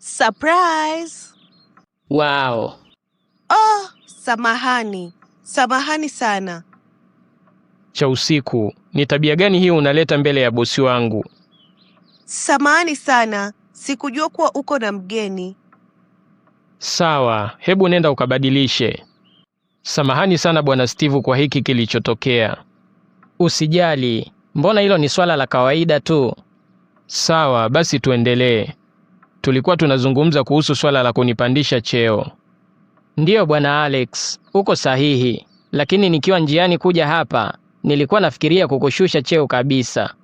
Surprise! Wow. Oh, samahani. Samahani sana. Cha usiku. Ni tabia gani hiyo unaleta mbele ya bosi wangu? Samahani sana. Sikujua kuwa uko na mgeni. Sawa, hebu nenda ukabadilishe. Samahani sana Bwana Steve kwa hiki kilichotokea. Usijali, mbona hilo ni swala la kawaida tu. Sawa, basi tuendelee tulikuwa tunazungumza kuhusu swala la kunipandisha cheo. Ndiyo bwana Alex, uko sahihi, lakini nikiwa njiani kuja hapa nilikuwa nafikiria kukushusha cheo kabisa,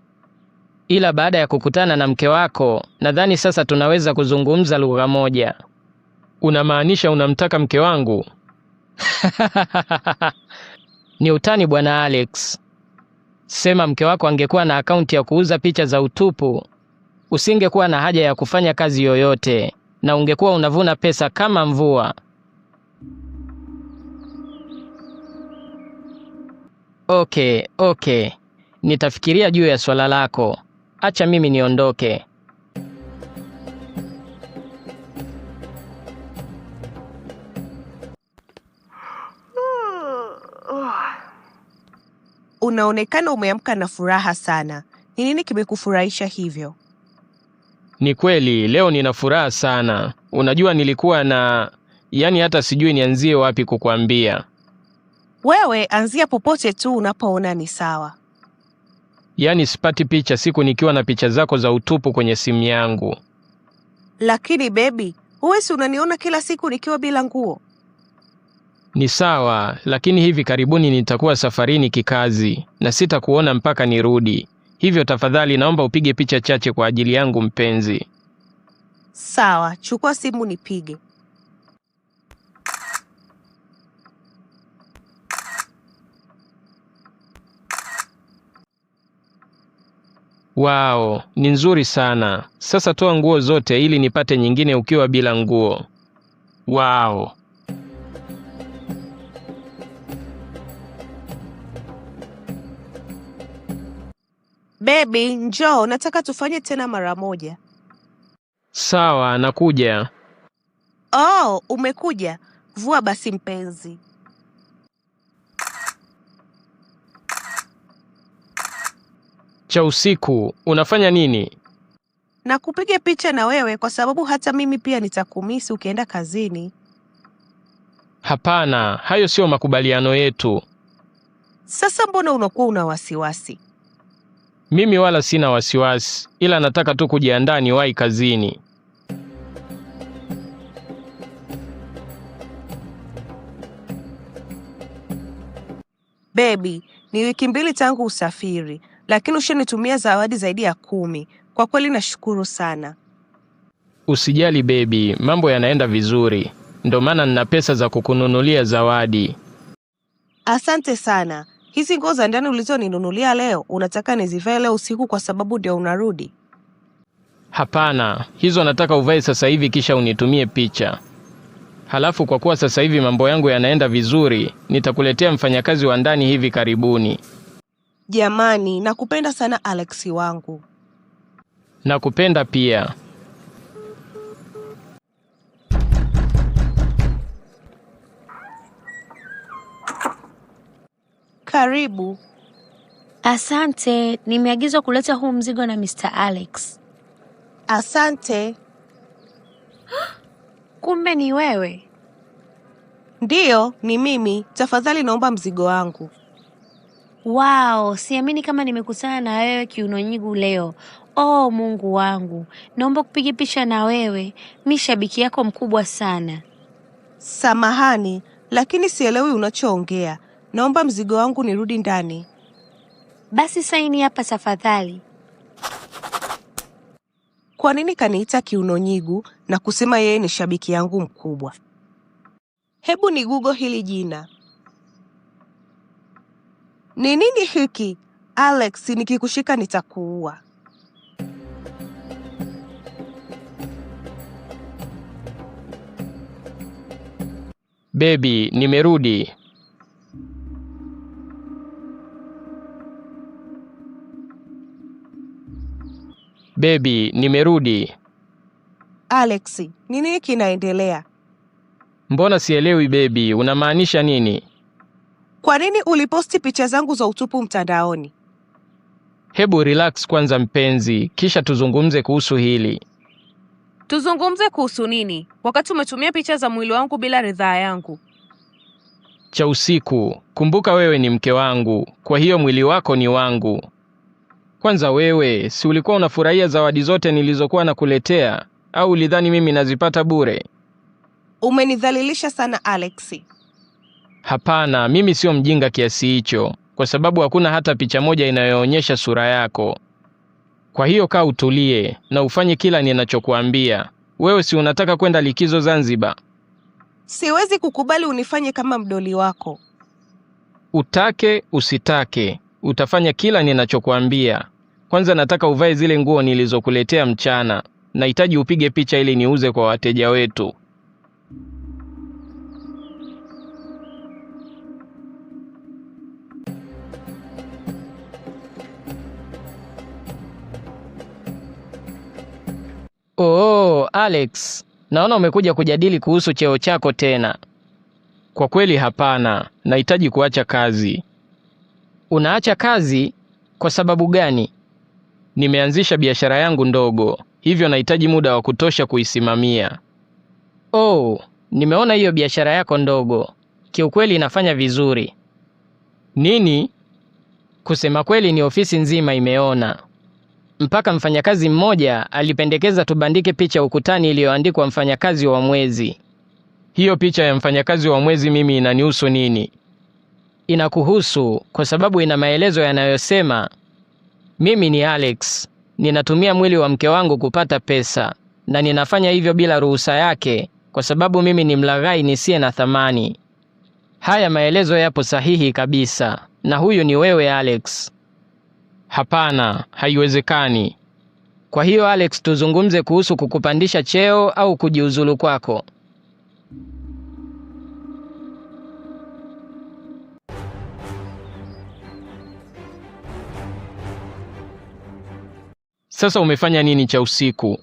ila baada ya kukutana na mke wako nadhani sasa tunaweza kuzungumza lugha moja. Unamaanisha unamtaka mke wangu? Ni utani bwana Alex. Sema mke wako angekuwa na akaunti ya kuuza picha za utupu usingekuwa na haja ya kufanya kazi yoyote na ungekuwa unavuna pesa kama mvua. Okay, okay, nitafikiria juu ya swala lako. Acha mimi niondoke. Unaonekana umeamka na furaha sana. Ni nini kimekufurahisha hivyo? Ni kweli leo nina furaha sana. Unajua nilikuwa na yani hata sijui nianzie wapi kukuambia. Wewe anzia popote tu unapoona ni sawa. Yaani sipati picha siku nikiwa na picha zako za utupu kwenye simu yangu. Lakini bebi, huwezi unaniona kila siku nikiwa bila nguo. Ni sawa, lakini hivi karibuni nitakuwa safarini kikazi na sitakuona mpaka nirudi. Hivyo tafadhali naomba upige picha chache kwa ajili yangu mpenzi. Sawa, chukua simu nipige. Wao, ni nzuri sana. Sasa toa nguo zote ili nipate nyingine ukiwa bila nguo. Wao. Baby, njoo, nataka tufanye tena mara moja. Sawa, nakuja. Oh, umekuja. Vua basi mpenzi. Cha usiku, unafanya nini? Na picha na wewe kwa sababu hata mimi pia nitakumisi ukienda kazini. Hapana, hayo siyo makubaliano yetu. Sasa mbona unakuwa una wasiwasi? Mimi wala sina wasiwasi, ila nataka tu kujiandaa niwahi kazini. Bebi, ni wiki mbili tangu usafiri, lakini ushanitumia zawadi zaidi ya kumi. Kwa kweli nashukuru sana. Usijali bebi, mambo yanaenda vizuri, ndo maana nina pesa za kukununulia zawadi. Asante sana. Hizi nguo za ndani ulizoninunulia leo unataka nizivae leo usiku kwa sababu ndio unarudi? Hapana, hizo nataka uvae sasa hivi kisha unitumie picha. Halafu kwa kuwa sasa hivi mambo yangu yanaenda vizuri, nitakuletea mfanyakazi wa ndani hivi karibuni. Jamani, nakupenda sana Alexi wangu. Nakupenda pia. Karibu. Asante, nimeagizwa kuleta huu mzigo na Mr. Alex. Asante. Kumbe ni wewe? Ndiyo, ni mimi. Tafadhali naomba mzigo wangu. Wow, siamini kama nimekutana na wewe kiunonyigu leo. Oh, Mungu wangu, naomba kupiga picha na wewe. Mi shabiki yako mkubwa sana. Samahani, lakini sielewi unachoongea. Naomba mzigo wangu nirudi ndani. Basi saini hapa tafadhali. Kwa nini kaniita kiunonyigu na kusema yeye ni shabiki yangu mkubwa? Hebu ni google hili jina. Ni nini hiki? Alex, nikikushika nitakuua. Bebi, nimerudi. Bebi, nimerudi. Alex, nini kinaendelea? Mbona sielewi bebi, unamaanisha nini? Kwa nini uliposti picha zangu za utupu mtandaoni? Hebu relax kwanza mpenzi, kisha tuzungumze kuhusu hili. Tuzungumze kuhusu nini, wakati umetumia picha za mwili wangu bila ridhaa yangu? Cha usiku, kumbuka wewe ni mke wangu, kwa hiyo mwili wako ni wangu. Kwanza wewe, si ulikuwa unafurahia zawadi zote nilizokuwa nakuletea, au ulidhani mimi nazipata bure? Umenidhalilisha sana Alexi. Hapana, mimi sio mjinga kiasi hicho, kwa sababu hakuna hata picha moja inayoonyesha sura yako. Kwa hiyo kaa utulie na ufanye kila ninachokuambia. Wewe si unataka kwenda likizo Zanzibar? Siwezi kukubali unifanye kama mdoli wako. Utake usitake, Utafanya kila ninachokuambia. Kwanza nataka uvae zile nguo nilizokuletea mchana. Nahitaji upige picha ili niuze kwa wateja wetu. Oh, Alex, naona umekuja kujadili kuhusu cheo chako tena. Kwa kweli hapana, nahitaji kuacha kazi. Unaacha kazi kwa sababu gani? Nimeanzisha biashara yangu ndogo, hivyo nahitaji muda wa kutosha kuisimamia. Oh, nimeona hiyo biashara yako ndogo, kiukweli inafanya vizuri. Nini? Kusema kweli, ni ofisi nzima imeona, mpaka mfanyakazi mmoja alipendekeza tubandike picha ukutani iliyoandikwa mfanyakazi wa mwezi. Hiyo picha ya mfanyakazi wa mwezi mimi inanihusu nini? inakuhusu kwa sababu ina maelezo yanayosema, mimi ni Alex, ninatumia mwili wa mke wangu kupata pesa na ninafanya hivyo bila ruhusa yake, kwa sababu mimi ni mlaghai nisiye na thamani. Haya maelezo yapo sahihi kabisa, na huyu ni wewe Alex. Hapana, haiwezekani. Kwa hiyo Alex, tuzungumze kuhusu kukupandisha cheo au kujiuzulu kwako. Sasa umefanya nini cha usiku?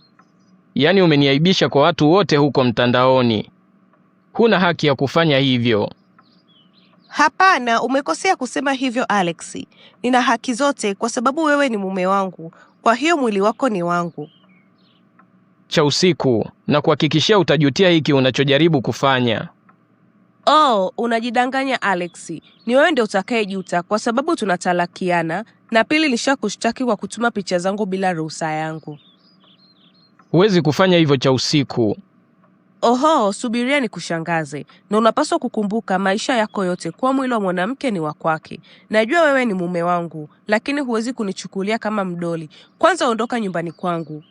Yaani umeniaibisha kwa watu wote huko mtandaoni. Huna haki ya kufanya hivyo. Hapana, umekosea kusema hivyo Alex. Nina haki zote kwa sababu wewe ni mume wangu, kwa hiyo mwili wako ni wangu. Cha usiku, na kuhakikishia utajutia hiki unachojaribu kufanya. Oh, unajidanganya Alex. Ni wewe ndio utakayejuta kwa sababu tunatalakiana na pili nishakushtaki kwa kutuma picha zangu bila ruhusa yangu. Huwezi kufanya hivyo cha usiku. Oho, subiria ni kushangaze. Na unapaswa kukumbuka maisha yako yote kuwa mwili wa mwanamke ni wa kwake. Najua wewe ni mume wangu, lakini huwezi kunichukulia kama mdoli. Kwanza ondoka nyumbani kwangu.